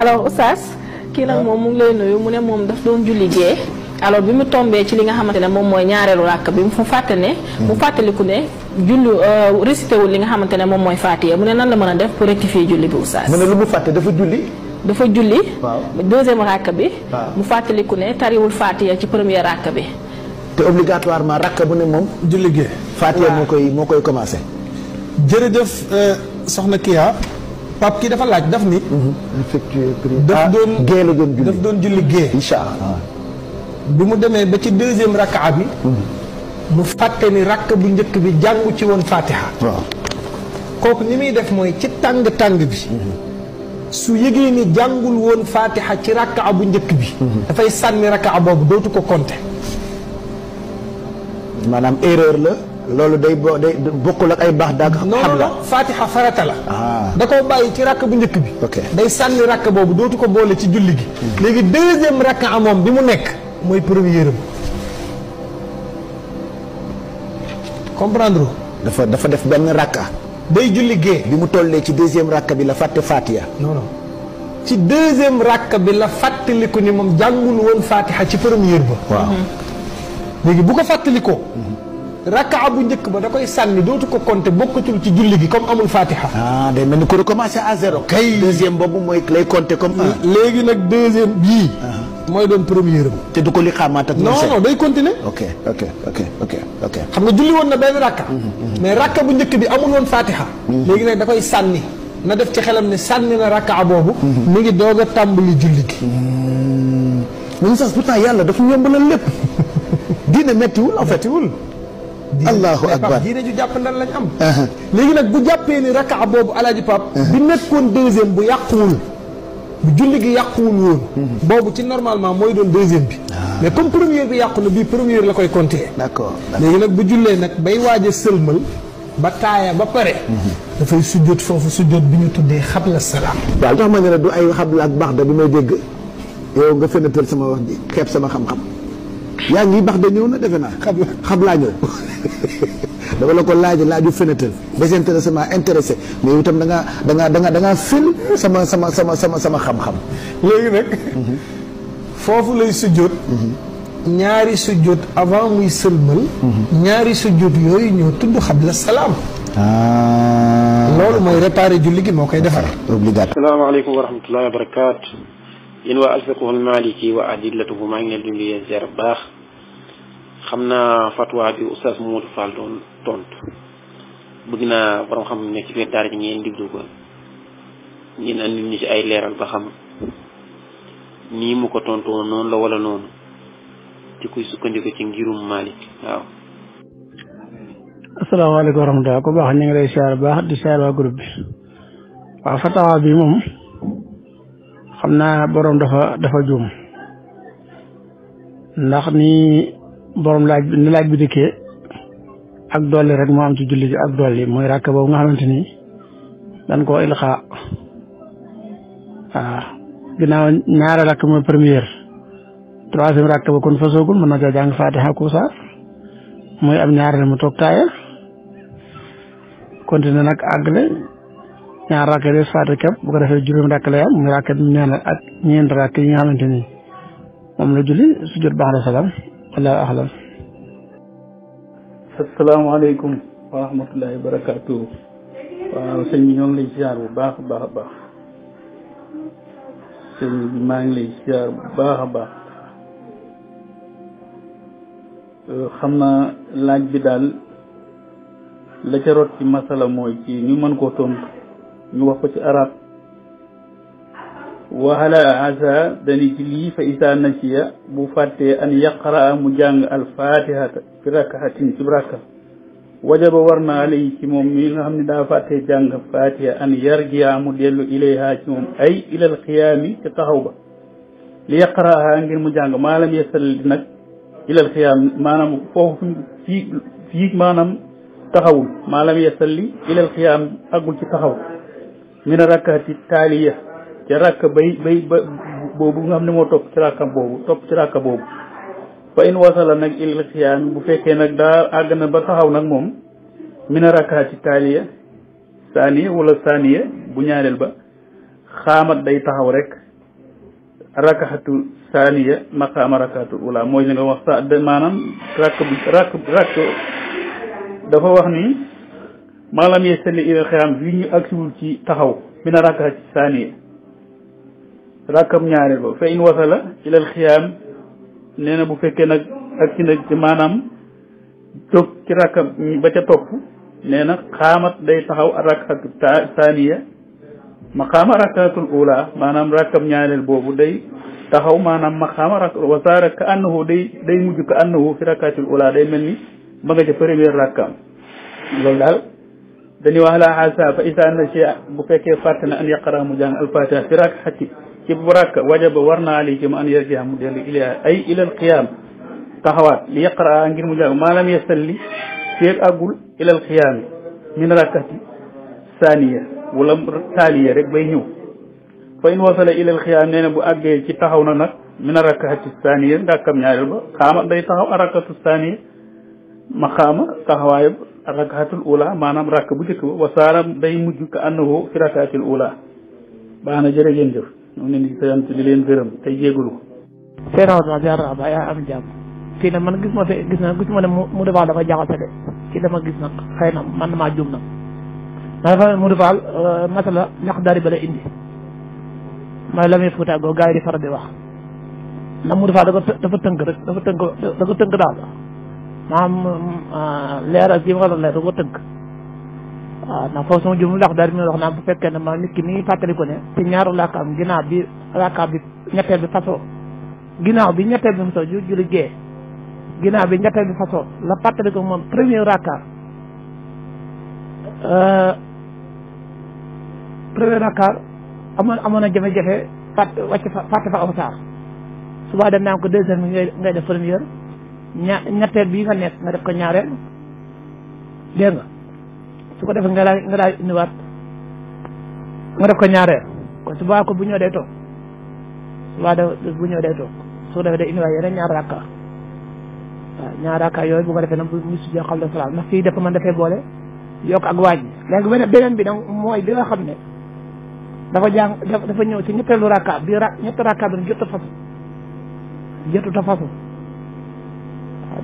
alors Oustaz kii nag ah. moom mu ngi lay mu ne moom daf doon julli gee alors bi mu tombee ci li nga xamante ne moom mooy ñaareelu ràkk bi mu fàtte ne. Hmm. mu fàttaliku ne julli euh, récité wul li nga xamante ne moom mooy Faatiha mu ne nan la mën a def pour rectifier julli bi Oustaz. mu ne lu mu fàtte dafa julli. dafa julli. waaw deuxième ràkk bi. mu fàttaliku ne tariwul Faatiha ci première ràkk bi. te obligatoirement ràkk bu ne moom. julli gee. Faatiha moo koy moo koy commencé. jërëjëf euh, soxna Kia. Pape kii dafa laaj daf ni. Mhm. daf ah, doon gée la doon julli daf doon julli gée. incha allah bu mu demee ba ci deuxième rakka bi. Mhm. mu fàtte ni rakk bu njëkk bi jàngu ci woon Fatiha. kooku ni muy def mooy ci tàng tàng bi. Mhm. su yëgee ni jàngul woon Fatiha ci rakka bu njëkk bi. dafay sànni rakka boobu dootu ko compter. maanaam erreur la. loolu day bo day bokkul ak ay baax daag. xam la non non farata la. Ah. da koo bàyyi ci rakk bu njëkk bi. day sànni rakk boobu dootu ko boole ci julli gi. Hmm. léegi deuxième rakk amoom bi mu nekk mooy première am comprendre dafa dafa def benn rakka. day julli gee. bi mu tollee ci deuxième rakka bi la fàtte faatiya non ci deuxième rakka bi la fàttaliku ni moom jàngul woon Fatiha ci première ba. waaw léegi bu ko fàttalikoo. Hmm. rakka bu njëkk ba da koy sànni dootu ko compter bokkatul ci julli gi comme amul fatiha. ah day mel ni ko recommencer à zéro. kay deuxième boobu mooy lay compter comme un. léegi nag deuxième bii. Uh-huh. mooy doon première am. te du ko li xaamaat ak. non non day continuer. xam nga julli woon na benn rakka. Mm-hmm, mm-hmm. mais rakka bu njëkk bi amul woon fatiha. Mm-hmm. léegi nag da koy sànni. na def ci xelam ne sànni na rakka boobu. mu ngi doog a tàmbali julli gi. mais sax pourtant yàlla dafa yombalal lépp. diine méttiwul en fait. méttiwul. allahu akbar diine ju jàppandal lañ am léegi nag bu jàppee ni raka boobu alaaji pap bi nekkoon deuxième bu yàquwul bu julli gi yàquwul woon mhm. boobu ci normalement mooy doon deuxième bi ah. mais comme première bi yàqu na bii première la koy compter d'accord léegi nag bu jullee nag bay waaj a sëlmal ba taaya ba pare mhm. dafay sujjóot foofu sujjóot bi ñu tuddee xabla salaam waaw tax ma ne la du ay xabla ak baax da bi may dégg yow nga fenatal sama wax ji xeeb sama xam-xam yaa ngi bax de ñëw na defena xam xam laa ñëw dama la ko laaj laaju fenêtre désintéressement intéressé mais itam da nga da nga da nga da nga fil sama sama sama sama sama xam-xam. léegi nak mhm. fofu lay sujud, mhm. ñaari sujud, avant muy selmal mhm. ñaari sujjóot yooyu ñoo tudd salam ah lolu moy réparer julli gi mo koy defar. obligatoire. alaykum wa rahmatullahi wa barakatuh yéen waa alfiqhul maliki wa adillatuhu maa ngi leen di nuyu ziar baax xam naa fatwa bi oustaz Modou Fall doon tontu bëgg naa borom xam ne ci biir daara ji ngeen diglu ko ngeen andi ñu ci ay leeral ba xam nii mu ko tontoo noonu la wala noonu ci kuy sukkandiku ci ngirum Malick waaw. asalaamaaleykum wa rahmatulah ku baax ñu ngi baax di ziar waa groupe bi waaw fatwa bi moom. xam naa boroom dafa dafa juum ndax ni boroom laaj ni laaj bi dikkee ak dolli rek moo am ci julli gi ak dolli mooy ràkk boobu nga xamante ni dañ koo ilxaa waaw ginnaaw ñaari ràkk mooy première troisième ràkk ba kon fasoogul mën na caa jàng faatiha ku saar mooy am ñaareel mu toog taaya continué nag àggale ñaar rakka des fatikam bu ko defee juróomi rakk lay am muy rakk bi nee na ak ñeent rakk yi nga xamante ni moom la julli su jot baax la salaam wala ahlam asalaamaaleykum wa rahmatullahi wa barakaatu waaw sëñ bi ñoo ngi lay ziar bu baax a baax a baax sëñ ngi baax a baax euh, xam na laaj bi daal la ca rot ci masala mooy ci ñu mën koo tontu ñu أراب ko ci arab جلي فإذا نسي بفاتي أن يقرأ مجان الفاتحة في ركعة تبركة وجب ورنا عليه كموم من هم دا جان الفاتحة أن يرجع مدل إليها كموم أي إلى القيام كتهوبة ليقرأها عن المجان ما لم يصل لنك إلى القيام ما نم فوق في في ما نم تهول ما لم يصل إلى القيام أقول كتهوبة min rakkaati taaliya ca rakk bay bay ba boobu nga xam ne moo topp ci rakka boobu topp ci rakka boobu fa in wasala nag il xiyaam bu fekkee nag daa àgg na ba taxaw nag moom min rakkaati taaliya saaniya wala saaniya bu ñaareel ba xaamat day taxaw rek rakkaatu saaniya maqaama rakkaatu ula mooy li nga wax sa maanaam rakk rakk rakk dafa wax ni malam yasalli ila xiyam yu ñu agsiwul ci taxaw min raka ci saniya rakam ñaareel ba fa in wasala ila xiyam nee na bu fekkee nag agsi nag ci maanaam jóg ci rakam ba ca topp nee na xaamat day taxaw raka saniya maqaama rakatul ula maanaam rakam ñaareel boobu day taxaw maanaam maqaama rak wa saara ka annahu day day mujj ka annahu fi rakatul ula day mel ni ba nga ca première rakam loolu daal dañu wax la asa fa isa na ci bu fekkee fàtte na an yaqara mu jàng alfatiha fi rakxati ci bu rakk wajaba war naa lii ci mu an yarjiha mu dellu ila ay ila alqiyam taxawaat li yaqara ngir mu jàng maalam yasalli feeg àggul ila alqiyam min rakati saniya wala taaliya rek bay ñëw fa in wasala ila alqiyam nee na bu àggee ci taxaw na nag min rakati saniya ndàkkam ñaareel ba xaamat day taxaw a rakatu saniya maqaama taxawaayam rakaatul ula maanaam rakk bu njëkk ba wasaaram day mujj ka annahu fi rakaatil ula baax na jërë ngeen jëf ñoo ngi leen di sant di leen gërëm tey jégalu ko. seen aw daal jaar ba yaa am jàmm fii nag ma fi gis na gis ma ne mu defaal dafa de ci dama gis nag xëy na man maa juum nag ma dafa mu defaal euh, masala ñax dari ba la indi mooy la muy fuuta goo gars yi wax ndax mu defaal dafa tënk rek dafa tënk dafa tënk daal maam ah, leeral gi ma waroon leer da ko tënk waaw ah, ndax foofu sama jum laax daal di wax naan bu fekkee ne maa nikki ki mi ko ne ci ñaaru laakaam ginnaaw bi bi ñetteel bi façon ginnaaw bi ñetteel bi façon ju julli gee ginnaaw bi ñetteel bi façon la fàttali ko moom premier raakaam ah, premier raakaam amoon amoon na jafe-jafe fàtt wàcc fa fàtt fa aw suba dem naa ko deuxième ngay ngay def première ña bi nga nekk nga def ko ñaareel dégg nga su ko def nga daal nga daal indiwaat nga def ko ñaareel kon su baa ko bu ñoo day toog su baa bu ñoo day toog su ko defee day indiwaat yeneen ñaar rakka waaw ñaar rakka yooyu bu ko defee nag bu ñu sujjee xam la salaam ndax fii def man dafay boole yokk ak waaj léegi beneen beneen bi nag mooy bi nga xam ne dafa jàng dafa ñëw ci ñetteelu rakka bi ra ñett rakka bi jottu fasu jottu ta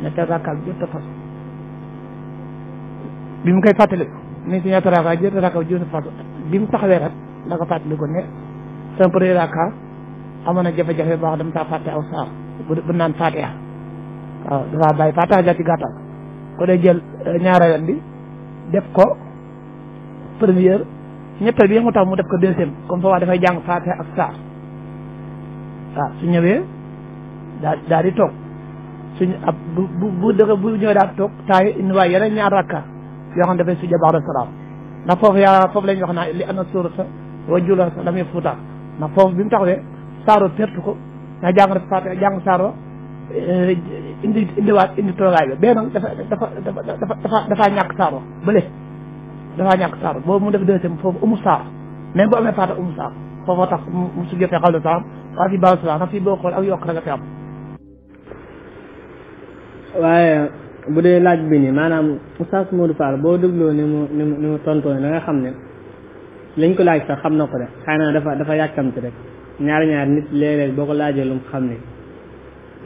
ñetteetaaka ak jot a fas bi mu koy fàttaliku ni ci ñata rakal jot rakal raka jot a fas bi mu taxawee rek la ko ne sama premier raka amana jafé jafé baax dem ta faté aw sa bu nan faté fatiha ya. waaw dafa bay fatiha ja ci gàttal eh, ko day jël ñaara yoon bi def ko premier ñetteel bi yëngu taw mu def ko deuxième comme fa wa da fay jang faté ak sa ah su ñëwee da da di tok suñ ab bu bu bu dëgg bu ñëwee daal toog taay indiwaay yeneen ñaar rakka yoo xam ne dafay sujja baax de salaam ndax foofu yaa la ñu wax naa li ana suurata wa jula sa lam yafuuta ndax foofu bi mu taxawee saaro perte ko ndax jàng na Faatiha jàng saaro eh, indi indiwaat indi toogaay bi bee nag dafa dafa dafa dafa dafaa ñàkk saaro bële dafaa ñàkk saaro boobu mu def deuxième foofu umu saar même bu amee Faatiha umu saar foofoo tax mu sujjatee xawle salaam waa fi baax salaam ndax fii boo xool ak yokk rek a fi am waaye bu dee laaj bi nii maanaam Oustaz Modou Fall boo dégloo ni mu ni mu ni mu tontoo da nga xam ne liñ ko laaj sax xam na ko de xëy dafa dafa yàkkamti rek ñaari ñaar nit léeg boo ko laajee lu mu xam ne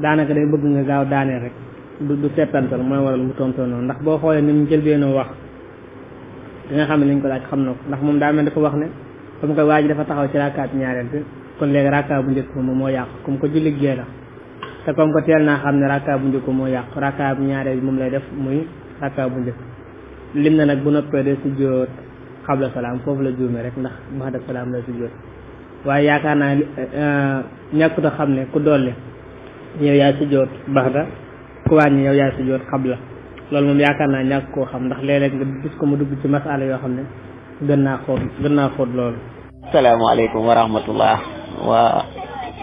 daanaka day bëgg nga gaaw daaneel rek du du settantal mooy waral mu tontoo noonu ndax boo xoolee ni mu jël njëlbeenoo wax di nga xam ne liñ ko laaj xam na ko ndax moom daa mel dafa wax ne comme que waa ji dafa taxaw ci rakkaat ñaareel bi kon léegi rakkaat bu njëkk moom moo yàqu comme que jullit gee te comme que teel naa xam ne rakka bu njëkk moo yàq rakka bu ñaareel bi moom lay def muy rakka bu njëkk lim na nag bu noppee de sujjóot xabla salaam foofu la juume rek ndax baxda salaam la sujjóot waaye yaakaar naa eh, ñàkkut a xam ne ku dolli yow yaa sujjóot baxda yow yaa sujjóot xabla loolu moom yaakaar naa ñàkk koo xam ndax léeg-léeg nga gis ko mu dugg ci masala yoo xam ne gën naa xóot gën naa xóot loolu. salaamaaleykum wa rahmatullah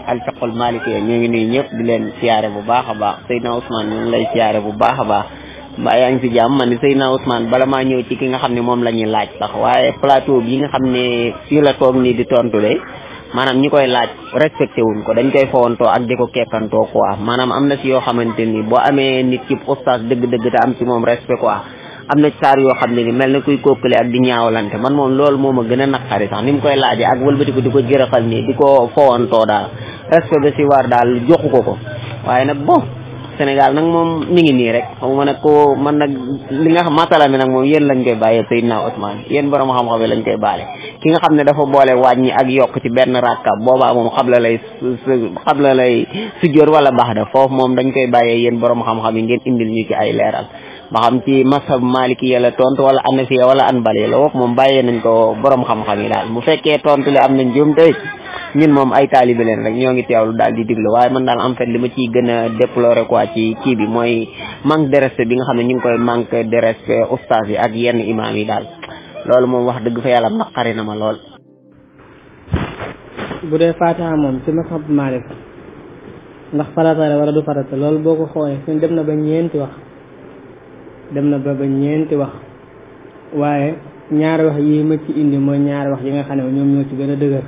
alfiqul malikiya ñu ngi nuyu ñëpp di leen siyaare bu baax a baax Seydina Ousmane ñu ngi lay siyaare bu baax a baax mbaa yaa ngi si jàmm man ni Seydina Ousmane bala maa ñëw ci ki nga xam ni moom la ñuy laaj sax waaye plateau bi nga xam ne fii la toog nii di tontu de maanaam ñi koy laaj respecté wuñ ko dañ koy fowantoo ak di ko kekkantoo quoi maanaam am na si yoo xamante nii boo amee nit ki oustaz dëgg-dëgg te am ci moom respect quoi am na saar yoo xam ne ni mel na kuy kokkale ak di ñaawlante man moom loolu moom a gën a naqari sax ni mu koy laajee ak wëlbatiku di ko jërëxal nii di ko fowantoo daal respect ba si war daal joxu ko ko waaye nag bon Sénégal nag moom mi ngi nii rek xaw ma nag ko man nag li nga xam masala mi nag moom yéen lañ koy bàyyee Seydina Ousmane yéen borom xam-xam yi lañ koy baale ki nga xam ne dafa boole wàññi ak yokk ci benn rakka boobaa moom xam la lay xam la lay wala baax da foofu moom dañ koy bàyyee yéen borom xam-xam yi ngeen indil ñu ci ay leeral ba xam ci masab maliki ya la tontu wala anasi wala anbali la wop mom bàyyee nañ ko borom xam-xam yi dal bu fekkee tontu li am nañ jëm tey ñun mom ay taalibe leen rek ñoo ngi teewlu di diglu waye man dal am fait lima ci gëna déplorer quoi ci ki bi moy manque de respect bi nga xam koy manque de respect oustaz yi ak yenn imam yi dal loolu mom wax dëgg fa yalla na ma lool bu dee fatima mom ci masab malik ndax farata wala du farata loolu boo dem na ba ñeenti wax dem na ba ba ñeenti wax waaye ñaari wax yi ma ci indi mooy ñaari wax yi nga xam ne ñoom ñoo ci gën a dëgër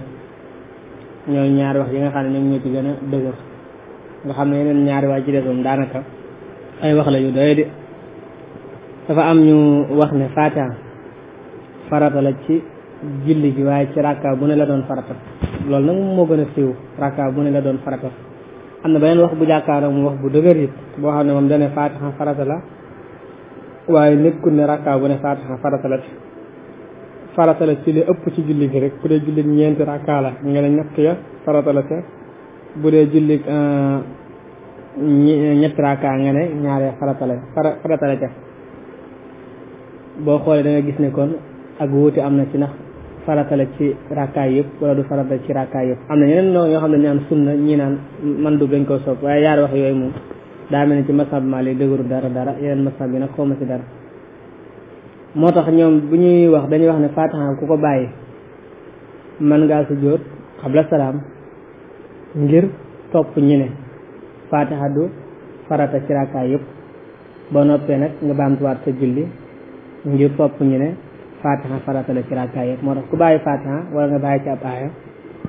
ñaari wax yi nga xam ne ñoom ñoo ci gën a dëgër xam ne yeneen ñaari waay ci desoon daanaka ay wax la yu doy de dafa am ñu wax ne fatiha farata la ci julli gi waaye ci rakka bu ne la doon farata loolu nag moo gën a siiw rakka bu ne la doon farata am na beneen wax bu jàkkaaroo mu wax bu dëgër it boo xam ne moom dane fatiha farata la waaye nekkul ne rakka bu ne fatiha farata la farata la ci li ëpp ci julli gi rek bu dee julli ñeenti rakka la nga ne ñett ya farata la ca bu dee julli euh, ñetti rakka nga ne ñaaree ya farata la farata la ca boo xoolee da nga gis ne kon ak wuute am ci ndax farata la ci rakka yëpp wala du farata ci rakka yëpp am na ñeneen ñoo xam ne ñaan sunna ñi naan man du ko sopp waaye yaar wax yooyu moom daa mel ni ci masab Maalik dëgëru dara dara yeneen masab bi nag xawma si dara moo tax ñoom bu ñuy wax dañuy wax ne fatiha ku ko bàyyi man ngaa sujjóot xabla salaam ngir topp ñu ne fatiha du ci rakaa yëpp ba noppee nag nga baamtuwaat sa julli ngir topp ñu ne fatiha farata la ci rakaa yëpp moo tax ku bàyyi fatiha wala nga bàyyi ci ab aaya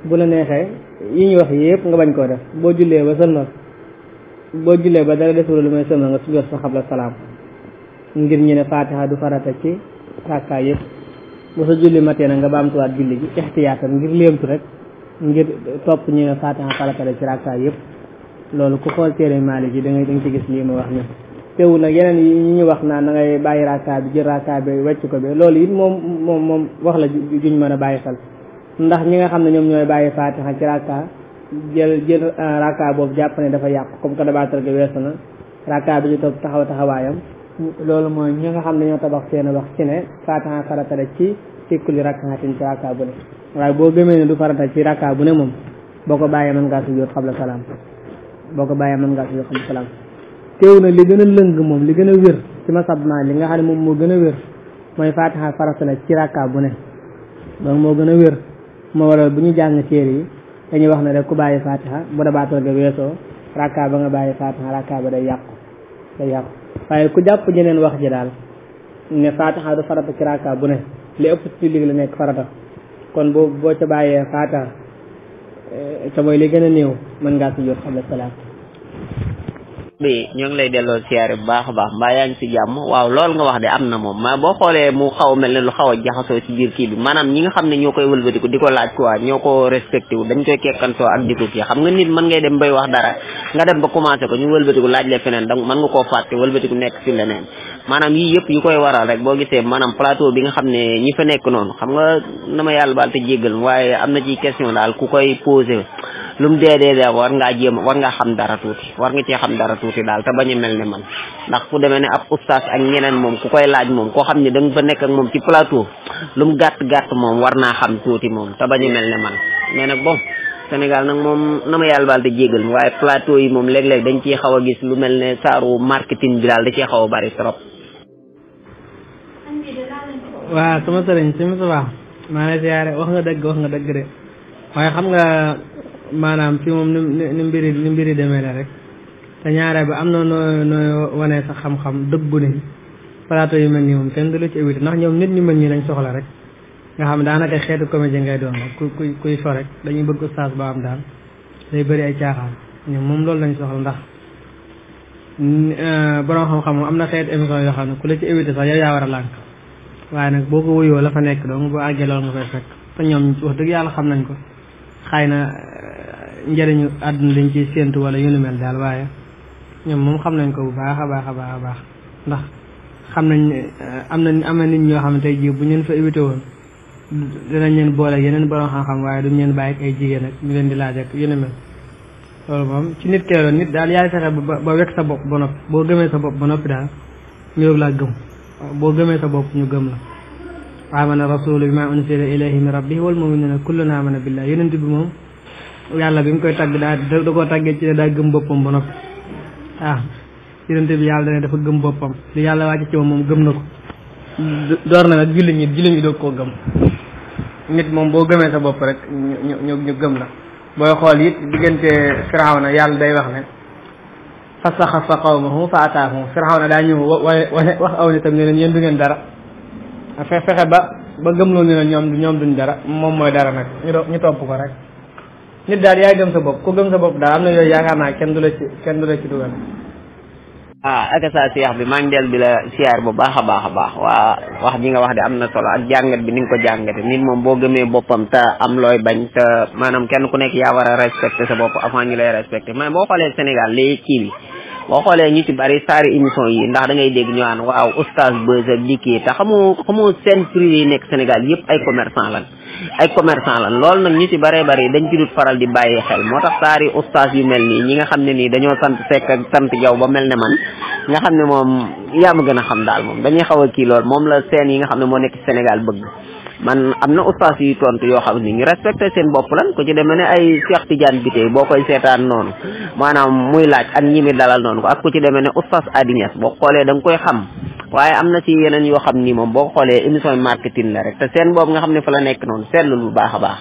bu la neexee yi ñu wax yëpp nga bañ koo def boo jullee ba sa boo jullee ba dara desul lu may sëlmal nga sujjoot sa xabla salaam ngir ñu ne faatiha du farata ci rakka yëpp bu sa julli matee nag nga baamtuwaat julli gi ixtiyaatam ngir léemtu rek ngir topp ñu ne faatiha farata yëpp loolu ku xool téere Maalik yi da ngay ci gis lii mu wax ne teewul nag yeneen yi ñu wax naa da bàyyi rakka bi jël rakka bi wecc ko bi loolu it moom moom moom wax la juñ mën a bàyyi xel ndax ñi nga xam ne ñoom ñooy bàyyi faatiha ci rakka jël jël euh, raka boobu jàpp ne dafa yàqu comme que dabaatal gi weesu na raka bi ñu toog taxaw taxawaayam loolu mooy ñi nga xam ne ñoo tabax seen wax ci ne faatiha farata la ci ci kulli rakaatin ci bu ne waaye boo gëmee ne du farata ci raka bu ne moom boo ko bàyyee mën ngaa sujjóot xabla salaam boo ko bàyyee mën ngaa sujjóot xabla salaam teew na li gën a lëng moom li gën a wér ci ma sab li nga xam ne moom moo gën a wér mooy faatiha farata la ci raka bu ne donc moo gën a wér moo waral bu ñu jàng téere yi dañuy wax ne rek ku bàyyi fatiha bu dabaatal ga weesoo rakka ba nga bàyyi fatiha rakka ba day yàqu day yàqu waaye ku jàpp ñeneen wax ji daal ne fatiha du farata ci rakka bu ne li ëpp ci julli la nekk farata kon boo boo ca bàyyee fatiha eh, ca mooy li gën a néew mën ngaa si jot xam ne salaam bi ñoo ngi lay delloo siyaare bu baax a baax mbaa yaa ngi si jàmm waaw loolu nga wax de am na moom ma boo xoolee mu xaw a mel ne lu xaw jaxasoo ci biir kii bi maanaam nga xam ne ñoo koy wëlbatiku di ko laaj quoi ñoo ko respecté wu dañ koy kekkantoo ak di ko kii xam nga nit mën ngay dem ba ko ñu wëlbatiku laaj la feneen donc mën nga koo fàtte wëlbatiku nekk si leneen maanaam yii yëpp yu koy waral rek boo gisee maanaam plateau bi nga xam ne ñi fa nekk noonu xam nga na ma yàlla baal te jéggal waaye am na ci question daal ku koy posé lu mu dee dee dee war ngaa jéem war nga xam dara tuuti war nga cee xam dara tuuti daal te bañ a mel ne man ndax fu demee ne ab oustaz ak ñeneen moom ku koy laaj moom koo xam ne da nga fa nekk ak moom ci plateau lu mu gàtt gàtt moom war naa xam tuuti moom te bañ a mel ne man mais nag bon Sénégal nag moom na ma yàlla baal te jégal waaye plateau yi moom léeg-léeg dañ ciy xaw a gis lu mel ne saaru marketing bi daal da ciy xaw a bari trop. waaw sama sëriñ si ma maa ngi lay ziare wax nga dëgg wax nga dëgg de waaye maanaam fi moom ni mbiri ni mbiri demee la rek te ñaare ba am no no noo wanee sa xam-xam dëggu ne plateau yu mel nii moom kenn du la ci éviter ndax ñoom nit ñu mel nii lañ soxla rek nga xam daanaka xeetu comédien ngay doon ku ku kuy fo rek dañuy bëgg oustaz ba am daal day bëri ay caaxaan ñoom moom loolu lañ soxla ndax euh, borom xam-xam moom am na xeetu émission yoo xam ne ku la ci éviter sax yow yaa war a lànk waaye nag boo ko wuyoo la fa nekk dong boo àggee loolu nga fay fekk te ñoom wax dëgg yàlla xam nañ ko xëy na njëriñu àdduna liñ ciy séentu wala yu ni mel daal waaye ñoom moom xam nañ ko bu baax a baax a baax a baax ndax xam nañ eh, am na am na nit ñoo xam ne tey jii bu ñu leen fa évité woon dinañ leen boole ak yeneen borom xam-xam waaye duñ leen bàyyi ak ay jigéen ak ñu leen di laaj ak yu ni mel loolu moom ci nit keroon nit daal yaay fexe ba ba wekk sa bopp ba noppi boo gëmee sa bopp ba noppi daal ñu yóbbu laa gëm boo gëmee sa bopp ñu gëm la amana rasulu bi ma unsila ilayhi min rabbihi wal muminuna kullun amana yàlla bi mu koy tàgg daa da koo tàggee ci ne daa gëm boppam ba ah, yàlla dane dafa boppam yàlla wàcc moom moom na ko na nag jullit ñi jullit moom boo gëmee sa bopp rek ñu ñu gëm la booy xool it diggante firawna yàlla day wax ne fa saxafa qawmahu fa ataahum firawna daa ñëw waaye wax aw nitam ne leen yéen du ngeen ba ba gëmloo ne ñoom ñoom duñ dara moom mooy dara nag ñu topp ko rek nit daal yaay gëm sa bopp ku gëm sa bopp daal am na yooy yaakaar naa kenn du la ci kenn du la ci dugal. ah ak saa bi maa del bi la siyaar bu baax a baax a baax waa wax ji nga wax de am na solo ak jàngat bi ni nga ko jàngate nit moom boo gëmee boppam te am looy bañ te maanaam kenn ku nekk yaa war a respecté sa bopp avant ñu lay respecté mais boo xoolee Sénégal léegi kii bi. boo xoolee ñu ci bari saari émission yi ndax da ngay dégg ñu naan waaw oustaz Beuz ak dikkee te xamoo xamoo seen privé yi nekk Sénégal yëpp ay commerçant lan ay commerçant lan loolu nag ñi ci bëree bëri dañ ci dut faral di bàyyi xel moo tax saari ustaas yu mel nii ñi nga xam ne nii dañoo sant sekk ak sant yow ba mel ne man nga xam ne moom yaa ma gën a xam daal moom dañuy xaw a kii lool moom la seen yi nga xam ne moo nekk Sénégal bëgg man am na ustaas yu tontu yoo xam ni ñu respecté seen bopp lan ku ci demee ne ay Cheikh bi Biteye boo koy seetaan noonu maanaam muy laaj ak ñi mi dalal noonu ko ak ku ci demee ne ustaas boo xoolee da nga koy xam waaye am na ci yeneen yoo xam ni moom boo xoolee émission marketing la rek te seen boobu nga xam ne fa la nekk noonu seetlu lu baax a baax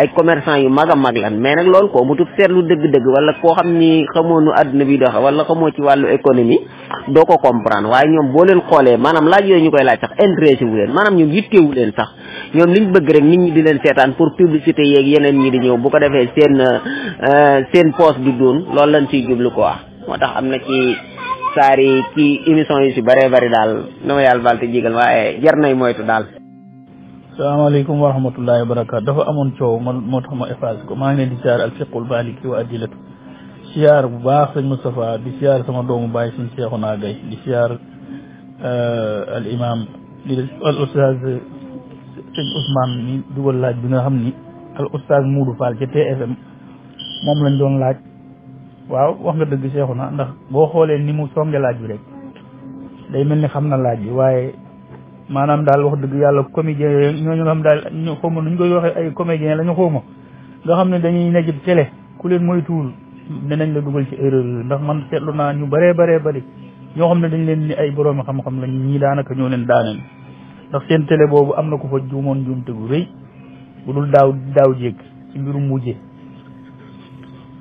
ay commerçant yu mag a mag lan mais nag loolu ko mu tut seetlu dëgg-dëgg wala koo xam ni xamoo nu àdduna bi doxe wala xamoo ci wàllu économie doo ko comprendre waaye ñoom boo leen xoolee maanaam laaj yooyu ñu koy laaj sax intéressé wu leen maanaam ñoom yittewu leen sax ñoom liñ bëgg rek nit ñi di leen seetaan pour publicité yeeg yeneen ñi di ñëw bu ko defee seen euh, seen poste du doon loolu lañ ciy jublu ko moo tax am na ci saar yi yi si bëree bëri daal na ma yàlla baal te jégal waaye jar nay moytu daal. dafa amoon coow man moo ma effacé ko maa ngi leen di siyaar bu baax sëñ Moustapha di siyaar sama doomu baay suñ Seexuna Gay di siyaar euh, al imam di al oustaz sëñ Ousmane dugal laaj bi nga xam ni al oustaz Moudou Fall ca TFM moom lañ doon laaj. waaw wax nga dëgg na ndax boo xoolee ni mu songe laaj bi rek day mel ni xam na laaj bi waaye maanaam daal wax dëgg yàlla comédien yooyu ñooñu xam daal ñu xawma nu ñu koy waxee ay comédien la ñu xawma nga xam ne dañuy nekk ci télé ku leen moytuwul dinañ la dugal ci erreur yooyu ndax man seetlu naa ñu bëree bëree bari ñoo xam ne dañ leen ni ay boroomi xam-xam lañ ñii daanaka ñoo leen daaneel ndax seen télé boobu am na ko fa juumoon juumte gu rëy bu dul daaw daaw jéeg ci mbirum mujje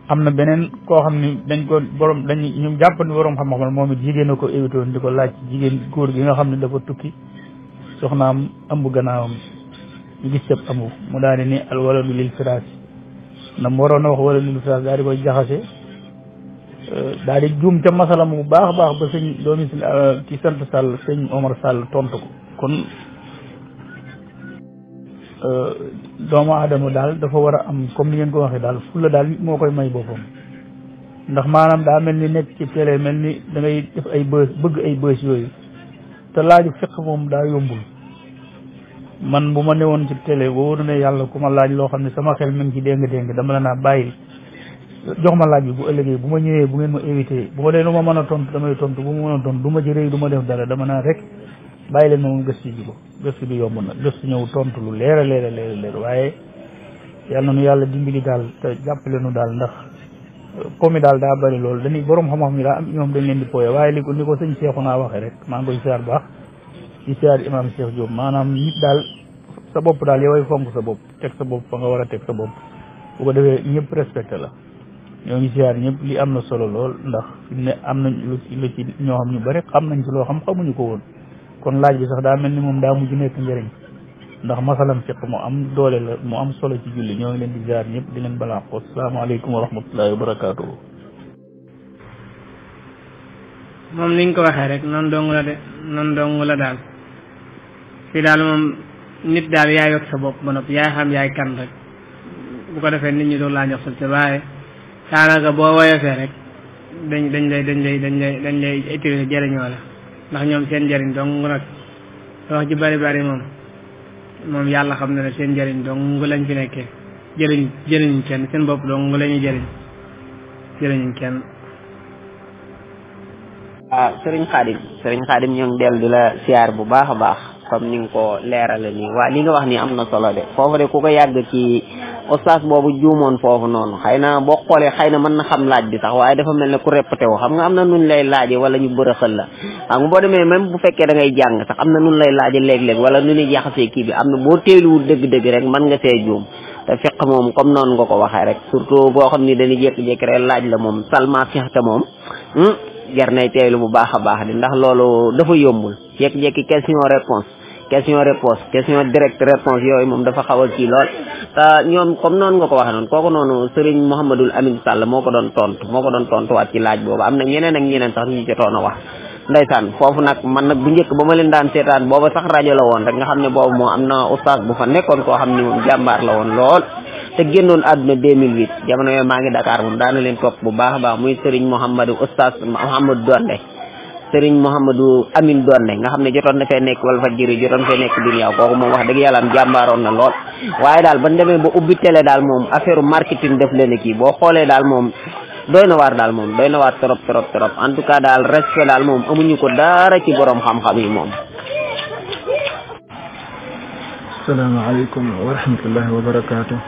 am na beneen koo xam ni dañ ko borom dañ ñu jàpp ni borom xam-xam moom it jigéen a ko évité di ko laaj jigéen góor gi nga xam ne dafa tukki soxnaam ëmb gannaawam ñu gis cëb ëmb mu daal di ni al waladu lil firaas mu waroon a wax waladu lil firaas daal di koy jaxase euh, daal di juum ca masala mu baax baax ba sëñ doomi ci euh, sant Sall sëñ Omar Sall tontu ko kon euh, doomu aadama daal dafa war a am comme ni ngeen ko waxee daal fulla daal nit moo koy may boppam ndax maanaam daa mel ni nekk ci télé mel ni da ngay def ay bës bëgg ay bës yooyu te laaju fiq moom daa yombul man bu ma newoon ci télé wóor na yàlla ku ma laaj loo xam ne sama xel mi ngi ci déng-déng dama la naa bàyyi jox ma laaj bi bu ëllëgee bu ma ñëwee bu ngeen ma éviter bu ma dee ma mën a tontu damay tontu bu ma mën a tontu du ma ci rëy du ma def dara dama rek bàyyi leen moom gëstu ji ko gëstu bi yomb na gëstu ñëw tontu lu leer a leer a leer a leer waaye yal na nu yàlla dimbali daal te jàppale nu daal ndax euh, po mi daal daa bari loolu dañuy borom xam-xam yi daa am ñoom dañ leen di pooye waaye li ko li ko sëñ Seexu naa waxee rek maa ngi koy siyaar baax di siyaar imaam Cheikh Diop maanaam nit daal sa bopp daal yow ay fonk sa bopp teg sa bopp fa nga war a teg sa bopp bu ko defee ñëpp respecté la ñoo ngi siyaar ñëpp li am na solo lool ndax fi am nañ lu ñu bari xam nañ ci loo xam xamuñu ko woon kon laaj bi sax daa mel ni moom daa mujj nekk njëriñ ndax masalam fiq mu am doole la mu am solo ci julli ñoo ngi leen di ziar ñëpp di leen balaa ko salaamaaleykum wa rahmatullahi wa barakaatu. moom ni ko waxee rek noonu dong la de noonu dong la daal fii nit daal yaay yokk sa bopp ba noppi yaay xam yaay kan rek bu ko defee nit ñi doon laa jox sa ca waaye boo woyofee rek dañ dañ lay dañ lay dañ lay dañ lay étiré jëriñoo la. ndax ñoom seen njariñ dong nag wax ji bari bari moom moom yàlla xam na ne seen njariñ dong lañ fi nekke jëriñ jëriñuñ kenn seen bopp dong la ñuy jëriñ jëriñuñ kenn ah sëriñ xaadim sëriñ xaadim ñoo del dellu di la siyaar bu baax a baax comme ni nga ko leerale nii waa li nga wax ni am na solo de foofu de ku ko yàgg ci ostaas boobu juumoon foofu noonu xay na boo xoolee xëy na mën na xam laaj bi sax waaye dafa mel ne ku répété wu xam nga am na nun lay laaje wala ñu bërëxal la xam nga boo demee même bu fekkee da ngay jàng am na nun lay laaje léeg-léeg wala nu ñuy jaxasee kii bi am na boo teeluwul dëgg-dëgg rek mën nga see juum te fiq moom comme noonu nga ko waxee rek surtout boo xam ni dañuy jékki-jékki rek laaj la moom salma fiq te moom hmm, jar nay teelu bu baax a baax di ndax loolu dafa yombul jékki-jékki question réponse question réponse question direct réponse yooyu moom dafa xaw a kii lool te ñoom comme noonu nga ko waxee noonu kooku noonu Serigne Mouhamadul Amin Sall moo ko doon tontu moo ko doon tontuwaat ci laaj boobu am na ñeneen ak ñeneen sax ñu jotoon a wax ndeysaan foofu nag man nag bu njëkk ba ma leen daan seetaan booba sax rajo la woon rek nga xam ne boobu moo am na oustaz bu fa nekkoon koo xam ne moom jàmbaar la woon lool te génnoon àdduna 2008 jamono yooyu maa ngi Dakar moom daana leen topp bu baax a baax muy Serigne Mouhamadou oustaz Mouhamadou serigne mohammadu amin donne nga xamne jotone na fe nek wal fajiri jotone fe nek dunya ko mom wax deug yalla am jambaron na lol waye dal ban demé bo ubbi télé dal mom affaire marketing def leen ki bo xolé dal mom doyna war dal mom doyna war trop trop trop en tout cas dal respect dal mom amuñu ko dara ci borom xam xam yi mom assalamu alaykum wa rahmatullahi wa barakatuh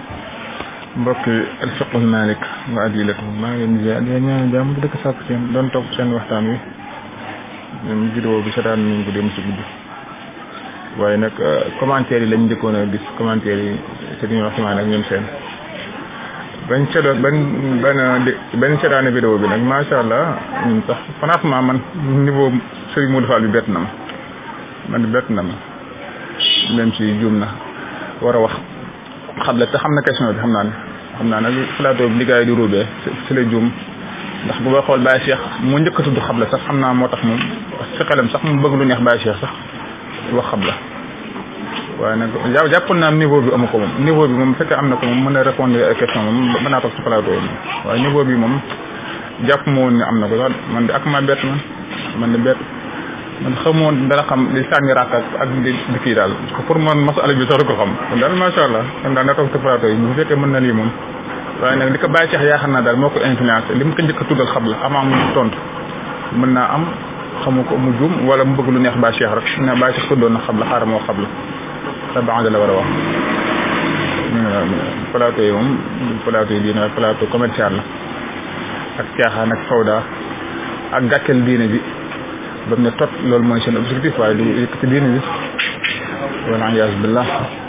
mbokk al fiqh al malik wa adilakum ma ngi ñaan jamm dëkk sakku seen don top seen waxtaan même vidéo bi seetaan nañ ko dem si guddi waaye nag euh, commentaire yi lañ njëkkoon a gis commentaire yi sëriñ Ousmane ak ñoom seen bañ seetaan ban ban bañ seetaane bi nag macha allah tax sax franchement man niveau sëriñ Modou bi bett na man bett na ma même si na war a wax xam la te xam na question bi xam naa ne xam naa nag plateau bi liggéey di roubee si la juum ndax bu nga xool Baye Cheikh mu njëkk a tudd xabla sax xam naa moo tax moom si xelam sax mu bëgg lu neex Baye Cheikh sax wax xabla waaye nag jàpp jàppoon naa niveau bi amu ko moom niveau bi moom fekkee am na ko moom mën a répondre ay question moom mën naa toog si plateau yi waaye niveau bi moom jàpp ma woon ne am na ko sax man de ak ma bett man man de bett man xamoon dara xam li sànni raak ak ak di di kii daal pour man masala bi sax du ko xam daal macha allah kon daal na toog si plateau yi bu fekkee mën na lii moom waaye nag li ko bàyyi ceex yaakaar naa daal moo ko influencé li mu ko njëkk a tuddal xam la avant mu tontu mën naa am xamu ko mu juum wala mu bëgg lu neex bàyyi ceex rek ne bàyyi ceex tuddoon na xam la xaaral moo xam la tabax la war a wax plateau yi moom plateau yi diine plateau commercial la ak caaxaan ak fawda ak gàcceel diine bi ba mu ne tot loolu mooy seen objectif waaye li yëkkati diine bi wala alias billah